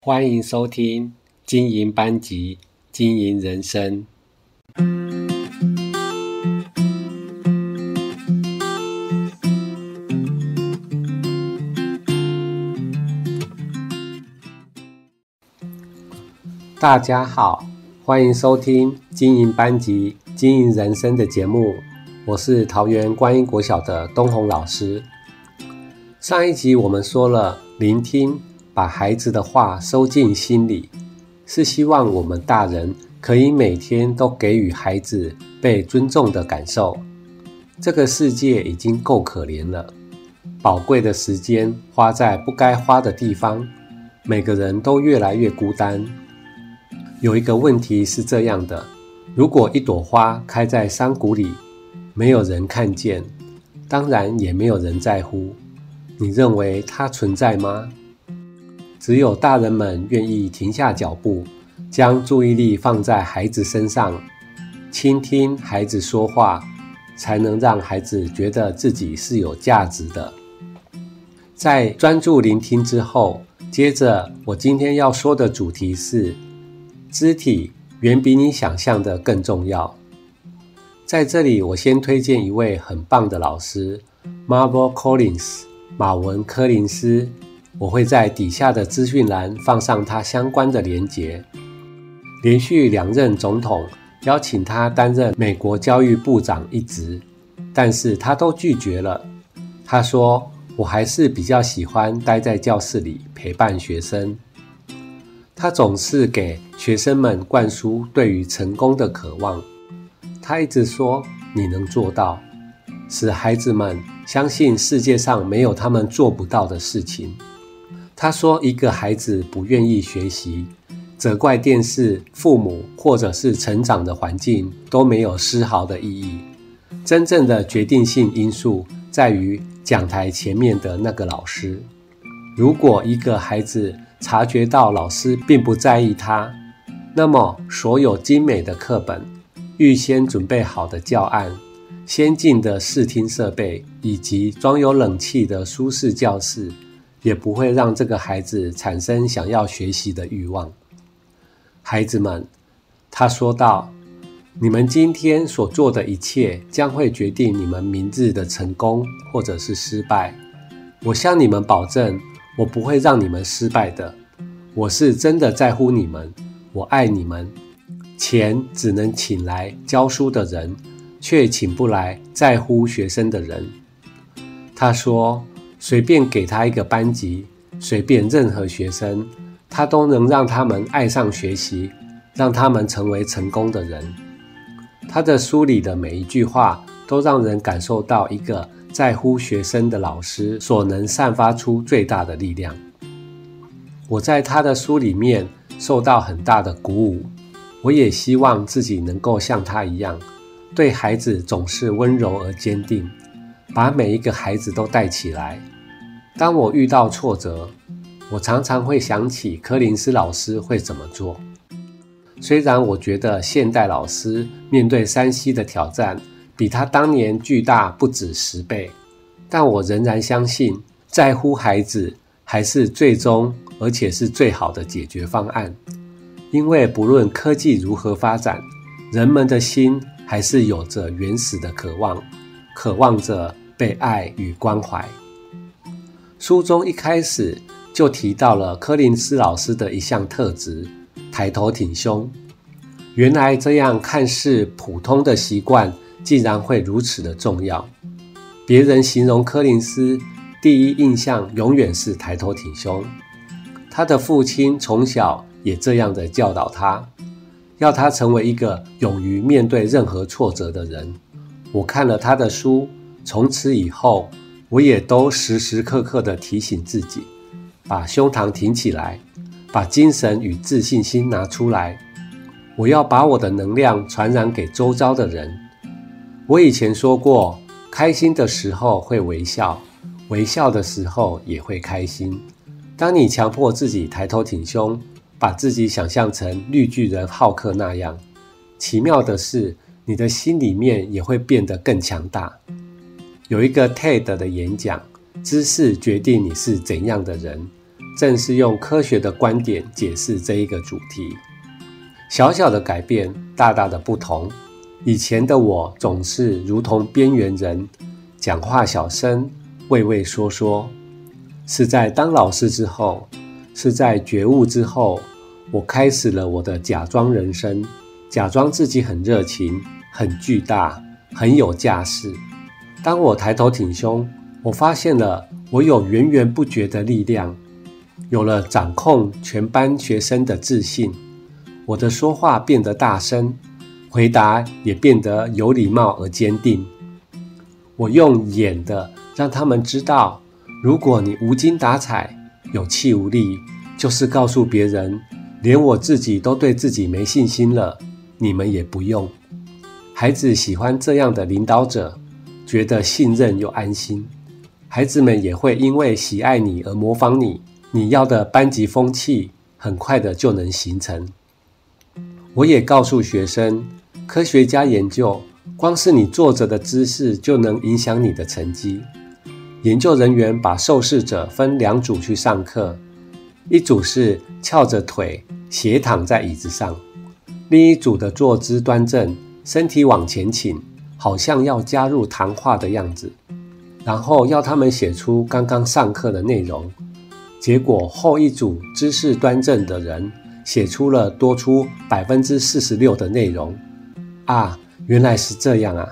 歡迎收聽《經營班級，經營人生》。大家好，歡迎收聽《經營班級，經營人生》的節目。我是桃園觀音國小的東紅老師。上一集我們說了聆聽。把孩子的話收進心裡，是希望我們大人可以每天都給予孩子被尊重的感受。這個世界已經夠可憐了，寶貴的時間花在不該花的地方，每個人都越來越孤單。有一個問題是這樣的，如果一朵花開在山谷裡，沒有人看見，當然也沒有人在乎。你認為它存在嗎？只有大人們願意停下腳步，將注意力放在孩子身上，傾聽孩子說話，才能讓孩子覺得自己是有價值的。在專注聆聽之後，接着我今天要說的主題是：肢體遠比你想象的更重要。在這裡，我先推薦一位很棒的老師，Marva Collins（ 馬文·柯林斯）。我會在底下的資訊欄放上他相關的連結。連續兩任總統邀請他擔任美國教育部長一職，但是他都拒絕了。他說：“我還是比較喜歡待在教室裡陪伴學生。”他總是給學生們灌輸對於成功的渴望。他一直說：“你能做到。”使孩子們相信世界上沒有他們做不到的事情。他說：“一個孩子不願意學習，責怪電視、父母或者是成長的環境都沒有絲毫的意義。真正的決定性因素在於講台前面的那個老師。如果一個孩子察覺到老師並不在意他，那麼所有精美的課本、預先準備好的教案、先進的視聽設備以及裝有冷氣的舒適教室。”也不會讓這個孩子產生想要學習的慾望。孩子們，他說道：“你們今天所做的一切，將會決定你們明日的成功或者是失敗。我向你們保證，我不會讓你們失敗的。我是真的在乎你們，我愛你們。錢只能請來教書的人，卻請不來在乎學生的人。”他說。隨便給他一個班級，隨便任何學生，他都能讓他們愛上學習，讓他們成為成功的人。他的書裡的每一句話，都讓人感受到一個在乎學生的老師所能散發出最大的力量。我在他的書裡面受到很大的鼓舞，我也希望自己能夠像他一樣，對孩子總是溫柔而堅定。把每一個孩子都帶起來。當我遇到挫折，我常常會想起柯林斯老師會怎麼做。雖然我覺得現代老師面對 3C 的挑戰比他當年巨大不止十倍，但我仍然相信，在乎孩子還是最終而且是最好的解決方案。因為不論科技如何發展，人們的心還是有着原始的渴望。渴望着被愛與關懷。書中一開始就提到了柯林斯老師的一項特質：抬頭挺胸。原來這樣看似普通的習慣，竟然會如此的重要。別人形容柯林斯，第一印象永遠是抬頭挺胸。他的父親從小也這樣的教導他，要他成為一個勇於面對任何挫折的人。我看了他的書，從此以後，我也都時時刻刻地提醒自己，把胸膛挺起來，把精神與自信心拿出來。我要把我的能量傳染給周遭的人。我以前說過，開心的時候會微笑，微笑的時候也會開心。當你強迫自己抬頭挺胸，把自己想象成綠巨人浩克那樣，奇妙的是。你的心裡面也會變得更強大。有一個 TED 的演講，姿勢決定你是怎樣的人，正是用科學的觀點解釋這一個主題。小小的改變，大大的不同。以前的我總是如同邊緣人，講話小聲，畏畏縮縮。是在當老師之後，是在覺悟之後，我開始了我的假裝人生，假裝自己很熱情。很巨大，很有架勢。當我抬頭挺胸，我發現了我有源源不絕的力量，有了掌控全班學生的自信。我的說話變得大聲，回答也變得有禮貌而堅定。我用演的讓他們知道，如果你無精打采、有氣無力，就是告訴別人，連我自己都對自己沒信心了。你們也不用。孩子喜歡這樣的領導者，覺得信任又安心。孩子們也會因為喜愛你而模仿你，你要的班級風氣很快的就能形成。我也告訴學生，科學家研究，光是你坐着的姿勢就能影響你的成績。研究人員把受試者分兩組去上課，一組是翹着腿斜躺在椅子上，另一組的坐姿端正。身體往前傾，好像要加入談話的樣子，然後要他們寫出剛剛上課的內容。結果後一組姿勢端正的人寫出了多出百分之四十六的內容。啊，原來是這樣啊！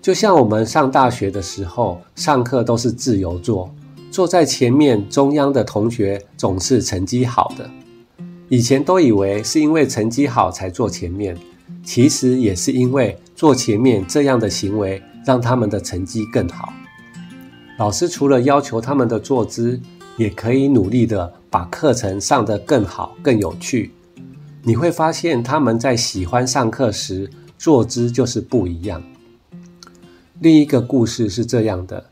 就像我們上大學的時候，上課都是自由坐，坐在前面中央的同學總是成績好的。以前都以為是因為成績好才坐前面。其實也是因為坐前面這樣的行為，讓他們的成績更好。老師除了要求他們的坐姿，也可以努力的把課程上得更好、更有趣。你會發現他們在喜歡上課時，坐姿就是不一樣。另一個故事是這樣的：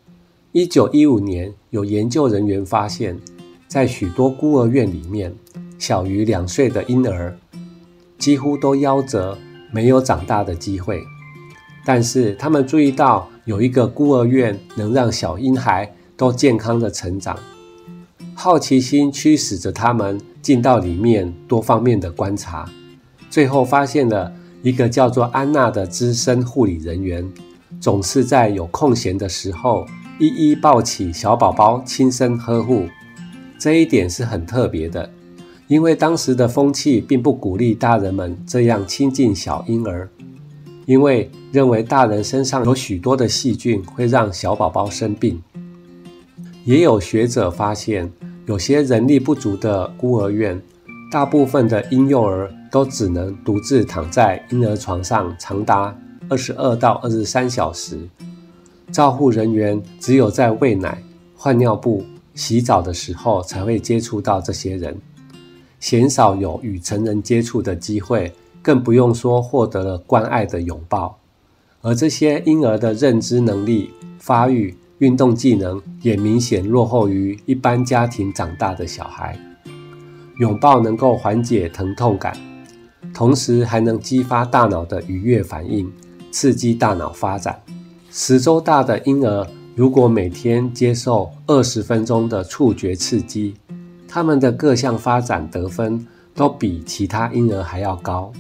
一九一五年，有研究人員發現，在許多孤兒院裡面，小於兩歲的嬰兒幾乎都夭折。沒有長大的機會，但是他們注意到，有一個孤兒院能讓小嬰孩都健康的成長。好奇心驅使着他們進到裡面多方面的觀察，最後發現了一個叫做安娜的資深護理人員，總是在有空閒的時候一一抱起小寶寶親身呵護，這一點是很特別的。因為當時的風氣並不鼓勵大人們這樣親近小嬰兒，因為認為大人身上有許多的細菌會讓小寶寶生病。也有學者發現，有些人力不足的孤兒院，大部分的嬰幼兒都只能獨自躺在嬰兒床上長達二十二到二十三小時，照護人員只有在餵奶、換尿布、洗澡的時候才會接觸到這些人。鮮少有與成人接觸的機會，更不用說獲得了關愛的擁抱。而這些嬰兒的認知能力、發育、運動技能也明顯落後於一般家庭長大的小孩。擁抱能夠緩解疼痛感，同時還能激發大腦的愉悅反應，刺激大腦發展。十周大的嬰兒如果每天接受二十分鐘的觸覺刺激，他們的各項發展得分都比其他嬰兒還要高。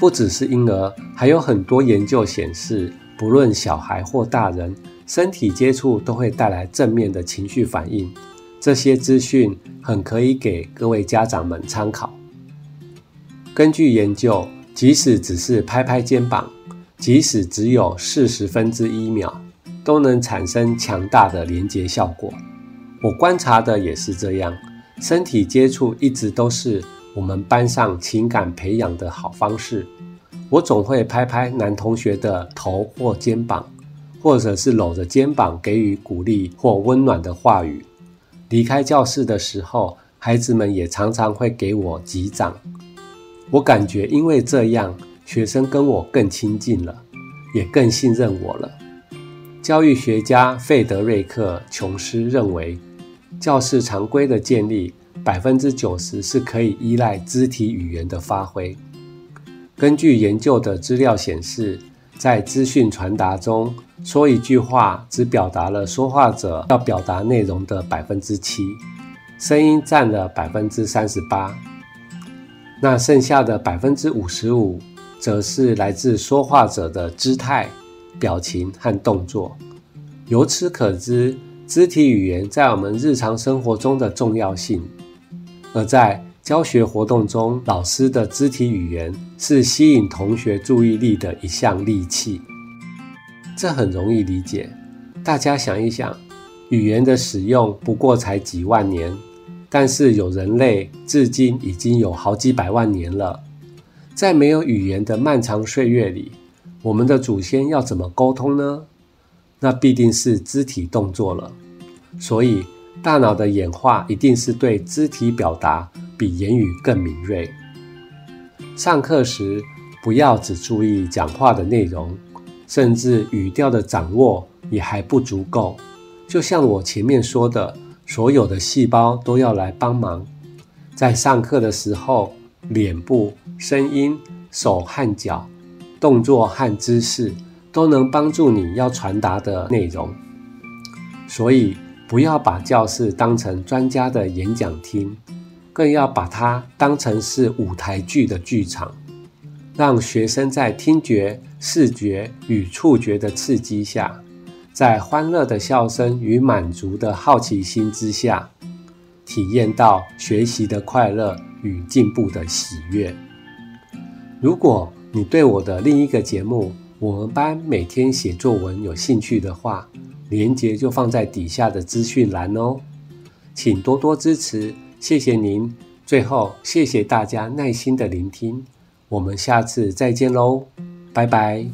不只是嬰兒，還有很多研究顯示，不論小孩或大人，身體接觸都會帶來正面的情緒反應。這些資訊很可以給各位家長們參考。根據研究，即使只是拍拍肩膀，即使只有四十分之一秒，都能產生強大的連結效果。我觀察的也是這樣，身體接觸一直都是我們班上情感培養的好方式。我總會拍拍男同學的頭或肩膀，或者是摟着肩膀給予鼓勵或溫暖的話語。離開教室的時候，孩子們也常常會給我擊掌。我感覺因為這樣，學生跟我更親近了，也更信任我了。教育學家費德瑞克·瓊斯認為。教室常規的建立，百分之九十是可以依賴肢體語言的發揮。根據研究的資料顯示，在資訊傳達中，說一句話只表達了說話者要表達內容的百分之七，聲音佔了百分之三十八，那剩下的百分之五十五，則是來自說話者的姿態、表情和動作。由此可知，肢體語言在我們日常生活中的重要性，而在教學活動中，老師的肢體語言是吸引同學注意力的一項利器。這很容易理解。大家想一想，語言的使用不過才幾萬年，但是有人類至今已經有好幾百萬年了。在沒有語言的漫長歲月裡，我們的祖先要怎麼溝通呢？那必定是肢體動作了，所以大腦的演化一定是對肢體表達比言語更敏銳。上課時不要只注意講話的內容，甚至語調的掌握也還不足夠。就像我前面說的，所有的細胞都要來幫忙。在上課的時候，臉部、聲音、手和腳、動作和姿勢。都能幫助你要傳達的內容，所以不要把教室當成專家的演講廳，更要把它當成是舞台劇的劇場，讓學生在聽覺、視覺與觸覺的刺激下，在歡樂的笑聲與滿足的好奇心之下，體驗到學習的快樂與進步的喜悅。如果你對我的另一個節目，我們班每天寫作文，有興趣的話，連結就放在底下的資訊欄哦。請多多支持，謝謝您。最後，謝謝大家耐心的聆聽，我們下次再見嘍，拜拜。